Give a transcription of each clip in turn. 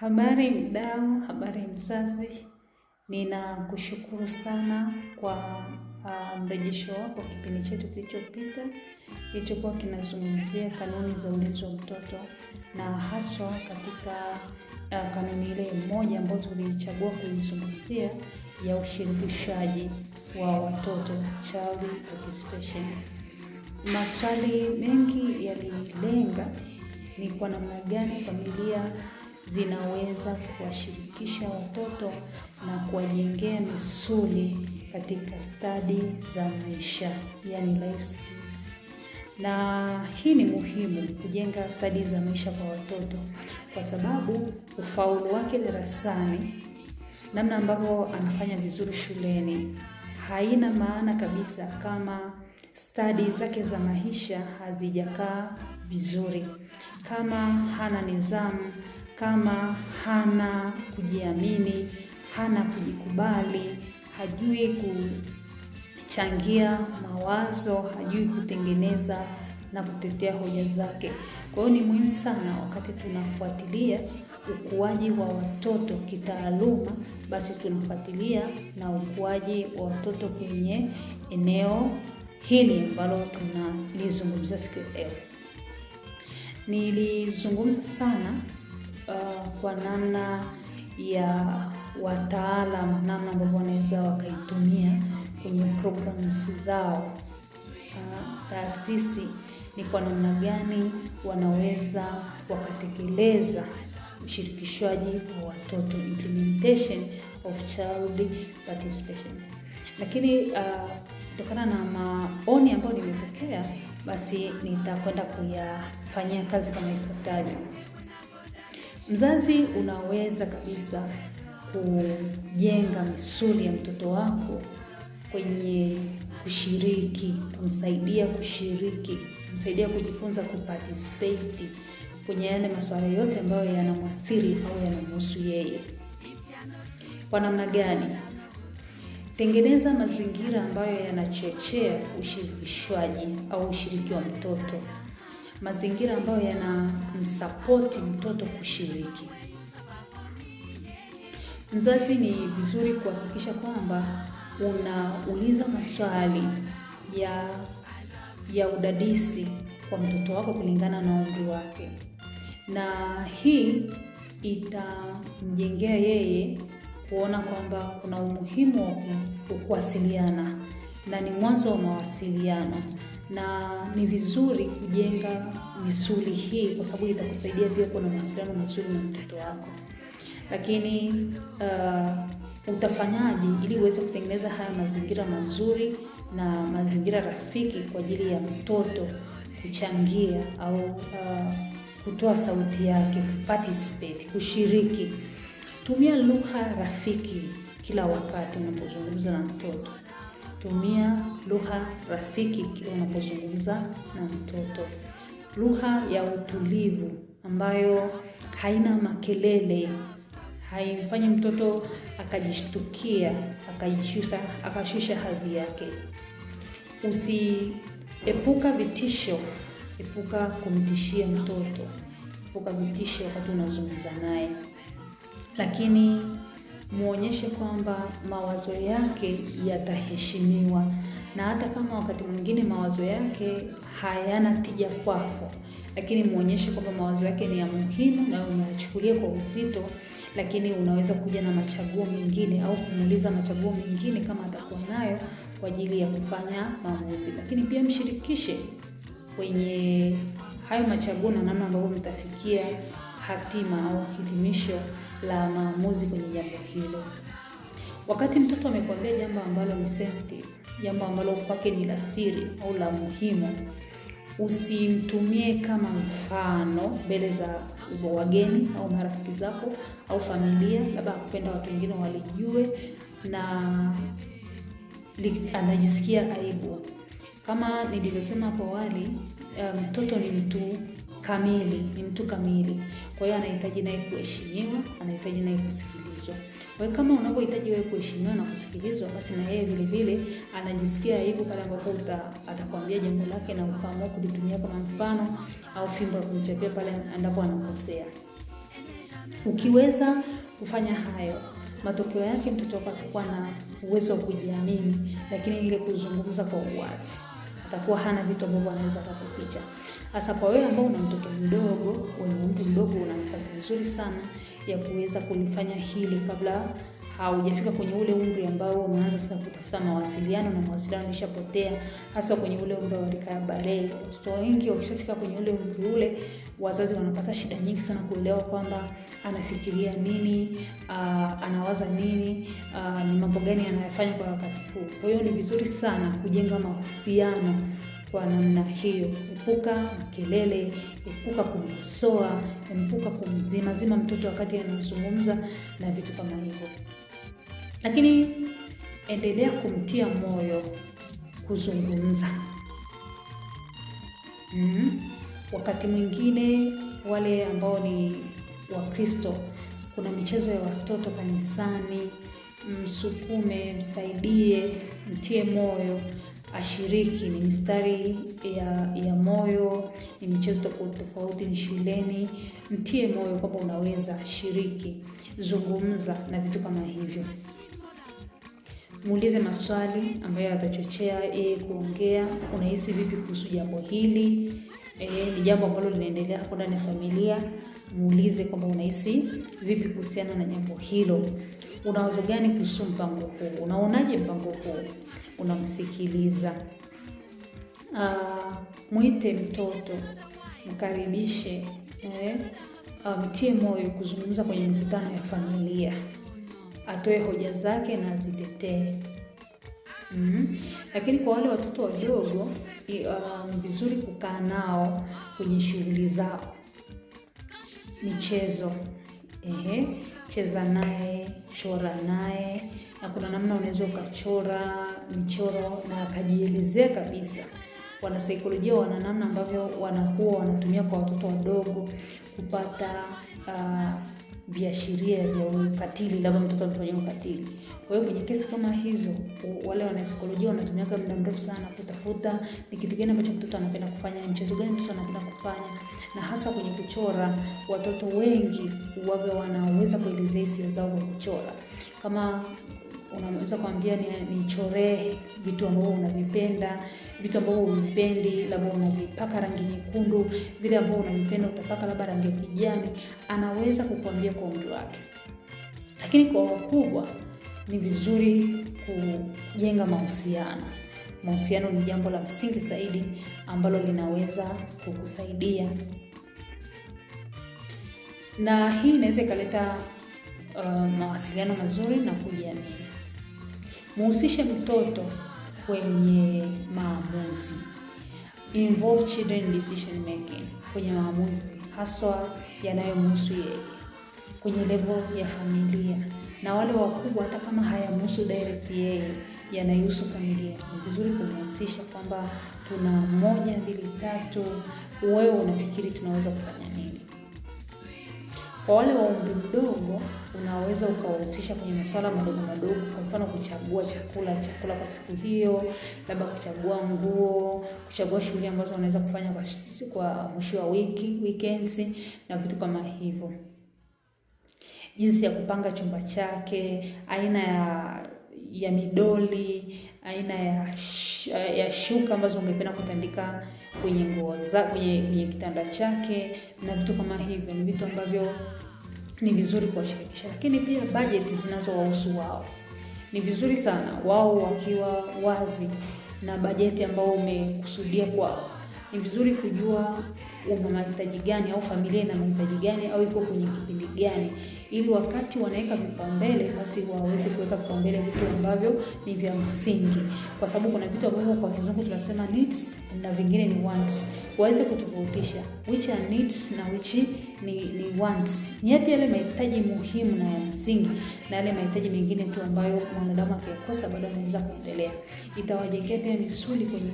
Habari mdau, habari mzazi, ninakushukuru sana kwa uh, mrejesho wako kipindi chetu kilichopita kilichokuwa kinazungumzia kanuni za ulinzi wa mtoto na haswa katika uh, kanuni ile moja ambayo tulichagua kuizungumzia ya ushirikishaji wa watoto child participation. Maswali mengi yalilenga ni kwa namna gani familia zinaweza kuwashirikisha watoto na kuwajengea misuli katika stadi za maisha, yani life skills. Na hii ni muhimu kujenga stadi za maisha kwa watoto, kwa sababu ufaulu wake darasani, namna ambavyo anafanya vizuri shuleni, haina maana kabisa kama stadi zake za maisha hazijakaa vizuri, kama hana nidhamu, kama hana kujiamini, hana kujikubali, hajui kuchangia mawazo, hajui kutengeneza na kutetea hoja zake. Kwa hiyo ni muhimu sana wakati tunafuatilia ukuaji wa watoto kitaaluma, basi tunafuatilia na ukuaji wa watoto kwenye eneo hili ambalo tunalizungumzia siku ya leo. Nilizungumza sana Uh, kwa namna ya wataalam, namna ambavyo wanaweza wakaitumia kwenye programs zao. Uh, taasisi ni kwa namna gani wanaweza wakatekeleza ushirikishwaji wa watoto, implementation of child participation. Lakini uh, kutokana na maoni ambayo nimepokea, basi nitakwenda kuyafanyia kazi kama ifuatavyo. Mzazi, unaweza kabisa kujenga misuli ya mtoto wako kwenye kushiriki, kumsaidia kushiriki, kumsaidia kujifunza kuparticipate kwenye yale masuala yote ambayo yanamwathiri au yanamhusu yeye. Kwa namna gani? Tengeneza mazingira ambayo yanachochea ushirikishwaji au ushiriki wa mtoto mazingira ambayo yanamsapoti mtoto kushiriki. Mzazi ni vizuri kuhakikisha kwamba unauliza maswali ya ya udadisi kwa mtoto wako kulingana na umri wake, na hii itamjengea yeye kuona kwamba kuna umuhimu wa kuwasiliana na ni mwanzo wa mawasiliano na ni vizuri kujenga misuli hii kwa sababu itakusaidia pia kuwa na mawasiliano mazuri na mtoto wako. Lakini uh, utafanyaji ili uweze kutengeneza haya mazingira mazuri na mazingira rafiki kwa ajili ya mtoto kuchangia au uh, kutoa sauti yake, participate, kushiriki. Tumia lugha rafiki kila wakati unapozungumza na mtoto tumia lugha rafiki kila unapozungumza na mtoto, lugha ya utulivu ambayo haina makelele, haimfanyi mtoto akajishtukia, akajishusha, akashusha hadhi yake. Usiepuka vitisho, epuka kumtishia mtoto, epuka vitisho wakati unazungumza naye, lakini muonyeshe kwamba mawazo yake yataheshimiwa, na hata kama wakati mwingine mawazo yake hayana tija kwako, lakini muonyeshe kwamba mawazo yake ni ya muhimu na unayachukulia kwa uzito, lakini unaweza kuja na machaguo mengine au kumuuliza machaguo mengine kama atakuwa nayo kwa ajili ya kufanya maamuzi. Lakini pia mshirikishe kwenye hayo machaguo na namna ambavyo mtafikia hatima au hitimisho la maamuzi kwenye jambo hilo. Wakati mtoto amekuambia jambo ambalo ni sensitive, jambo ambalo kwake ni la siri au la muhimu, usimtumie kama mfano mbele za wageni au marafiki zako au familia, labda akupenda watu wengine walijue na anajisikia aibu. Kama nilivyosema hapo awali, eh, mtoto um, ni mtu kamili, ni mtu kamili. Kwa hiyo anahitaji naye kuheshimiwa, anahitaji naye kusikilizwa. Kwa hiyo kama unavyohitaji wewe kuheshimiwa na kusikilizwa, basi na yeye vile vile anajisikia aibu pale ambapo atakwambia jambo lake na ukaamua kulitumia kama mfano au fimbo ya kumchapia pale ambapo anakosea. Ukiweza kufanya hayo, matokeo yake mtoto wako atakuwa na uwezo wa kujiamini, lakini ile kuzungumza kwa uwazi, atakuwa hana vitu ambavyo anaweza kuficha. Hasa kwa wewe ambao una mtoto mdogo, una umri mdogo, una nafasi nzuri sana ya kuweza kulifanya hili kabla haujafika kwenye ule umri ambao unaanza sasa kutafuta mawasiliano na mawasiliano yameshapotea, hasa kwenye ule umri wa rika ya balehe. Watoto wengi wakishafika kwenye ule umri ule, wazazi wanapata shida nyingi sana kuelewa kwamba anafikiria nini, uh, anawaza nini, aa, ah, ni mambo gani anayafanya kwa wakati huu. Kwa hiyo ni vizuri sana kujenga mahusiano kwa namna hiyo, epuka kelele, epuka kumkosoa, epuka kumzimazima mtoto wakati anazungumza na vitu kama hivyo. Lakini endelea kumtia moyo kuzungumza. Mm. Wakati mwingine wale ambao ni Wakristo, kuna michezo ya watoto kanisani, msukume, msaidie, mtie moyo ashiriki. Ni mistari ya ya moyo, ni michezo tofauti tofauti, ni shuleni. Mtie moyo kwamba unaweza, shiriki, zungumza na vitu kama hivyo. Muulize maswali ambayo yatachochea yeye kuongea. Unahisi vipi kuhusu jambo hili? E, ni jambo ambalo linaendelea hapo ndani ya familia. Muulize kwamba unahisi vipi kuhusiana na jambo hilo. unawazo gani kuhusu mpango huu? Unaonaje mpango huu? unamsikiliza. Uh, mwite mtoto, mkaribishe eh, ah, mtie um, moyo kuzungumza kwenye mkutano ya familia, atoe hoja zake na azitetee. Mm -hmm. Lakini kwa wale watoto wadogo ah, ni um, vizuri kukaa nao kwenye shughuli zao, michezo. Ehe, cheza naye, chora naye na kuna namna unaweza ukachora michoro na akajielezea kabisa. Wanasaikolojia wana namna ambavyo wanakuwa wanatumia kwa watoto wadogo kupata uh, viashiria vya ukatili, labda mtoto alifanya ukatili. Kwa hiyo kwenye kesi kama hizo, wale wanasaikolojia wanatumia muda mrefu sana kutafuta ni kitu gani ambacho mtoto anapenda kufanya, ni mchezo gani mtoto anapenda kufanya, na hasa kwenye kuchora, watoto wengi waga wanaweza kuelezea hisia zao kwa kuchora. Kama unaweza kuambia nichoree vitu ambavyo unavipenda, vitu ambavyo uvipendi, labda unavipaka rangi nyekundu, vile ambavyo unavipenda utapaka labda rangi ya kijani. Anaweza kukuambia kwa umri wake, lakini kwa wakubwa ni vizuri kujenga mahusiano. Mahusiano ni jambo la msingi zaidi ambalo linaweza kukusaidia, na hii inaweza ikaleta uh, mawasiliano mazuri na kujiamini. Muhusishe mtoto kwenye maamuzi, involve children decision making, kwenye maamuzi haswa yanayomhusu yeye kwenye levo ya familia na wale wakubwa, hata kama hayamhusu direct yeye, yanahusu familia. Ni vizuri kumhusisha kwamba tuna moja, mbili, tatu, wewe unafikiri tunaweza kufanya nini? Kwa wale wa umri mdogo, unaweza ukawahusisha kwenye masuala madogo madogo, kwa mfano kuchagua chakula chakula kwa siku hiyo, labda kuchagua nguo, kuchagua shughuli ambazo unaweza kufanya kwa kwa mwisho wa wiki weekends na vitu kama hivyo, jinsi ya kupanga chumba chake, aina ya ya midoli, aina ya ya shuka ambazo ungependa kutandika kwenye nguo za kwenye, kwenye kitanda chake na vitu kama hivyo. Ni vitu ambavyo ni vizuri kuwashirikisha, lakini pia bajeti zinazowahusu wao ni vizuri sana wao wakiwa wazi na bajeti ambao umekusudia kwao. Ni vizuri kujua una mahitaji gani au familia ina mahitaji gani au iko kwenye kipindi gani ili wakati wanaweka vipaumbele, basi waweze kuweka vipaumbele vitu ambavyo ni vya msingi, kwa sababu kuna vitu ambavyo kwa kizungu tunasema needs na vingine ni wants waweze kutofautisha which are needs na which ni, ni wants. Ni yapi yale mahitaji muhimu na ya msingi na yale mahitaji mengine tu ambayo mwanadamu akiyakosa bado anaweza kuendelea. Itawajengea pia misuli kwenye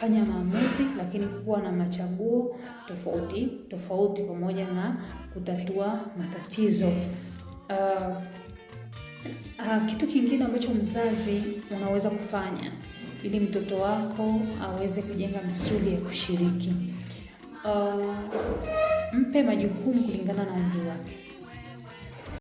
fanya maamuzi, lakini kuwa na machaguo tofauti tofauti pamoja na kutatua matatizo. Uh, uh, kitu kingine ambacho mzazi unaweza kufanya ili mtoto wako aweze kujenga misuli ya kushiriki, uh, mpe majukumu kulingana na umri wake.